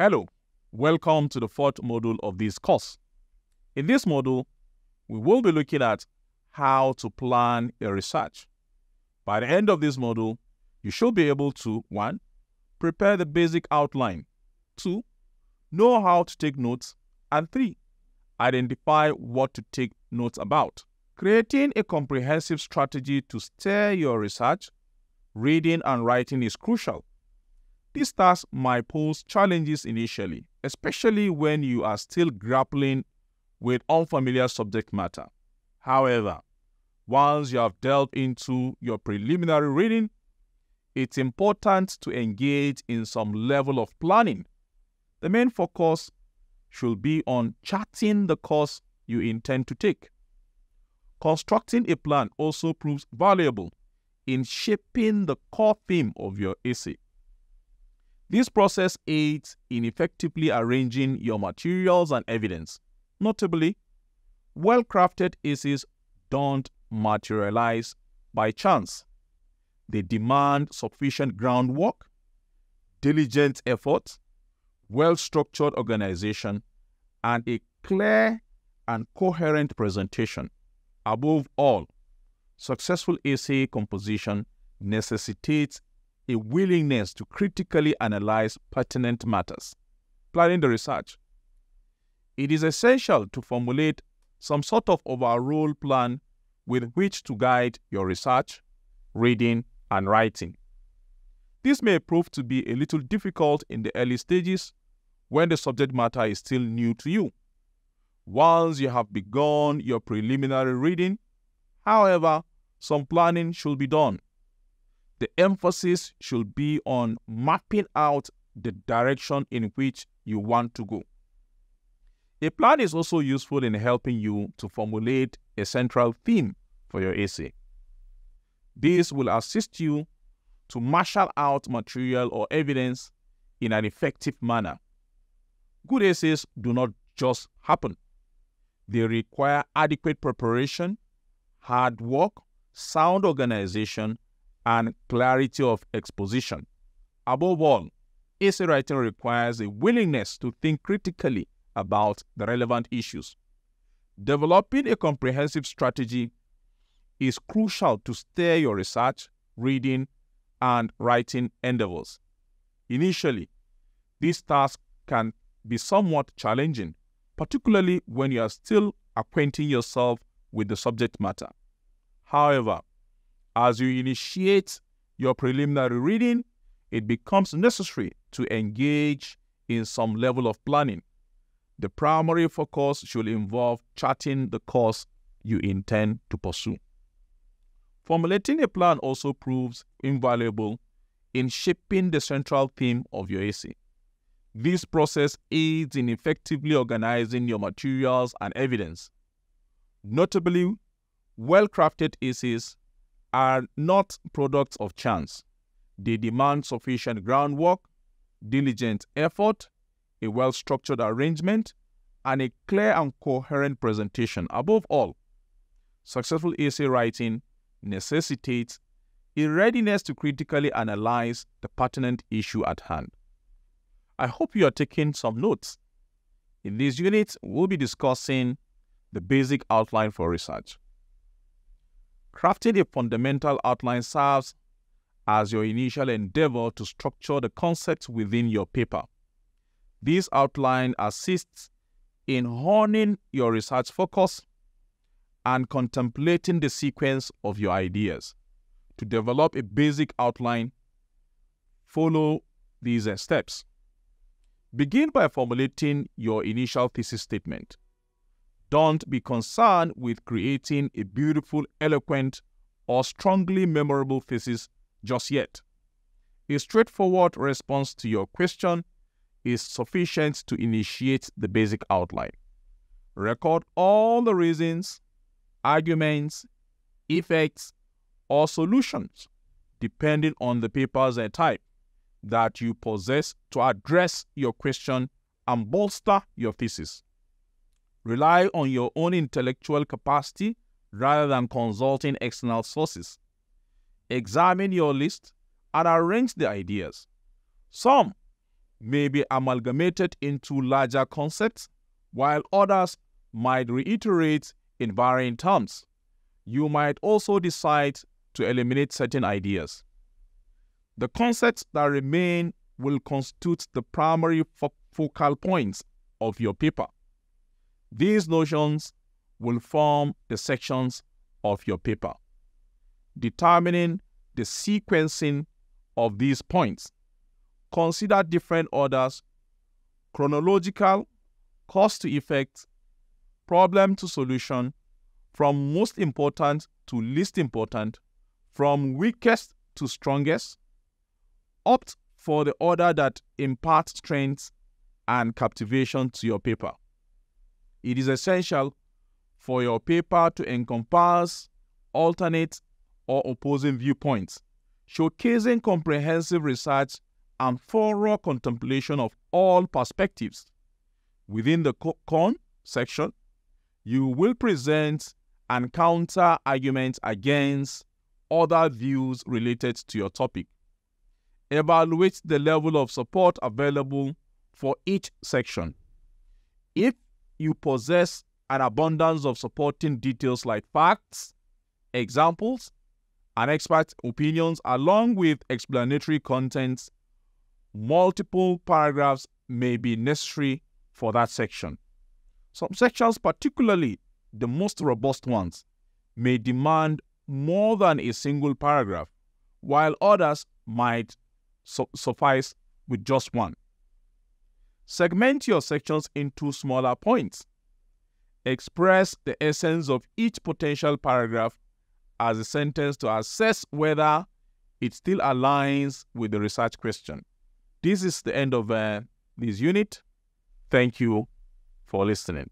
Hello, welcome to the fourth module of this course. In this module, we will be looking at how to plan a research. By the end of this module, you should be able to 1. Prepare the basic outline 2. Know how to take notes and 3. Identify what to take notes about. Creating a comprehensive strategy to steer your research, reading and writing is crucial. This task might pose challenges initially, especially when you are still grappling with unfamiliar subject matter. However, once you have delved into your preliminary reading, it's important to engage in some level of planning. The main focus should be on charting the course you intend to take. Constructing a plan also proves valuable in shaping the core theme of your essay. This process aids in effectively arranging your materials and evidence. Notably, well crafted essays don't materialize by chance. They demand sufficient groundwork, diligent effort, well structured organization, and a clear and coherent presentation. Above all, successful essay composition necessitates a willingness to critically analyze pertinent matters. Planning the research. It is essential to formulate some sort of overall plan with which to guide your research, reading, and writing. This may prove to be a little difficult in the early stages when the subject matter is still new to you. Once you have begun your preliminary reading, however, some planning should be done the emphasis should be on mapping out the direction in which you want to go. A plan is also useful in helping you to formulate a central theme for your essay. This will assist you to marshal out material or evidence in an effective manner. Good essays do not just happen. They require adequate preparation, hard work, sound organization, and clarity of exposition. Above all, essay writing requires a willingness to think critically about the relevant issues. Developing a comprehensive strategy is crucial to steer your research, reading, and writing endeavors. Initially, this task can be somewhat challenging, particularly when you are still acquainting yourself with the subject matter. However, as you initiate your preliminary reading, it becomes necessary to engage in some level of planning. The primary focus should involve charting the course you intend to pursue. Formulating a plan also proves invaluable in shaping the central theme of your essay. This process aids in effectively organizing your materials and evidence. Notably, well crafted essays are not products of chance. They demand sufficient groundwork, diligent effort, a well structured arrangement, and a clear and coherent presentation. Above all, successful essay writing necessitates a readiness to critically analyze the pertinent issue at hand. I hope you are taking some notes. In this unit, we'll be discussing the basic outline for research. Crafting a fundamental outline serves as your initial endeavor to structure the concepts within your paper. This outline assists in honing your research focus and contemplating the sequence of your ideas. To develop a basic outline, follow these steps. Begin by formulating your initial thesis statement. Don't be concerned with creating a beautiful, eloquent, or strongly memorable thesis just yet. A straightforward response to your question is sufficient to initiate the basic outline. Record all the reasons, arguments, effects, or solutions, depending on the paper's type, that you possess to address your question and bolster your thesis. Rely on your own intellectual capacity rather than consulting external sources. Examine your list and arrange the ideas. Some may be amalgamated into larger concepts, while others might reiterate in varying terms. You might also decide to eliminate certain ideas. The concepts that remain will constitute the primary fo focal points of your paper. These notions will form the sections of your paper. Determining the sequencing of these points. Consider different orders, chronological, cause to effect, problem to solution, from most important to least important, from weakest to strongest. Opt for the order that imparts strength and captivation to your paper. It is essential for your paper to encompass alternate or opposing viewpoints, showcasing comprehensive research and thorough contemplation of all perspectives. Within the con section, you will present and counter arguments against other views related to your topic. Evaluate the level of support available for each section. If you possess an abundance of supporting details like facts, examples, and expert opinions, along with explanatory contents. Multiple paragraphs may be necessary for that section. Some sections, particularly the most robust ones, may demand more than a single paragraph, while others might su suffice with just one. Segment your sections into smaller points. Express the essence of each potential paragraph as a sentence to assess whether it still aligns with the research question. This is the end of uh, this unit. Thank you for listening.